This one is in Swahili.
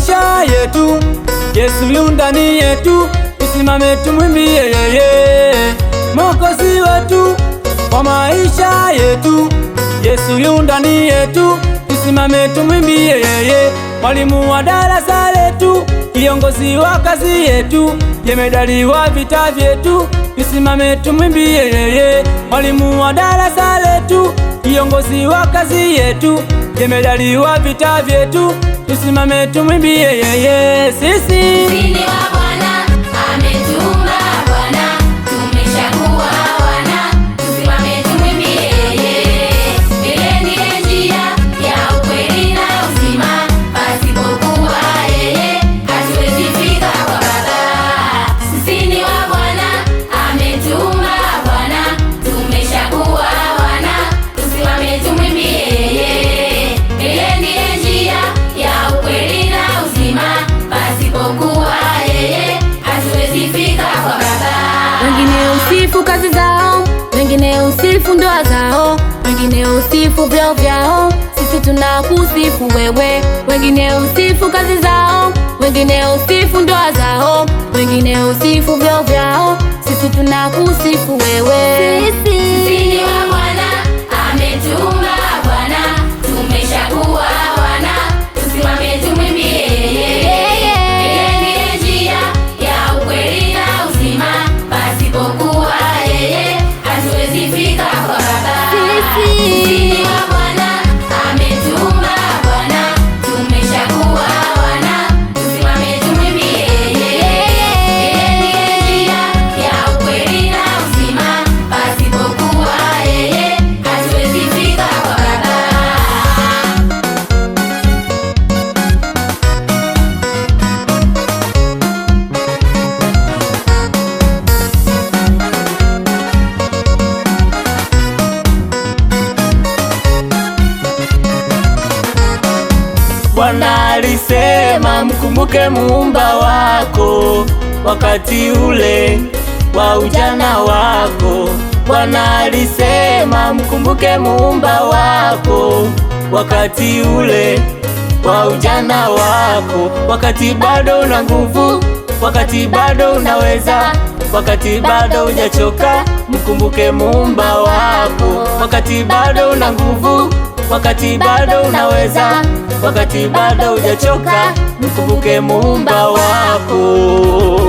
maisha yetu, Yesu yu ndani yetu, tusimame tumwimbie yeye, Mwokozi wetu kwa maisha yetu, Yesu yu ndani yetu, tusimame tumwimbie yeye, mwalimu wa darasa letu, kiongozi wa kazi yetu, jemedali wa vita vyetu, tusimame tumwimbie yeye, mwalimu wa darasa Viongozi wa kazi yetu, jemedali wa vita vyetu, tusimame tumwimbie yeye sisi usifu vyao vyao, sisi tunakusifu wewe. Wengine usifu kazi zao, wengine usifu ndoa zao, wengine usifu vyao vyao, sisi tunakusifu wewe. Sisi ni wa Bwana, ametuumba Bwana, tumeshakuwa wana, tusimame tumwimbie yeye, ndiye njia ya ukweli na uzima Bwana alisema mkumbuke muumba wako wakati ule wa ujana wako. Bwana alisema mkumbuke muumba wako wakati ule wa ujana wako, wakati bado una nguvu, wakati bado unaweza, wakati bado hujachoka, mkumbuke muumba wako, wakati bado una nguvu wakati bado unaweza, wakati bado hujachoka, mkumbuke muumba wako.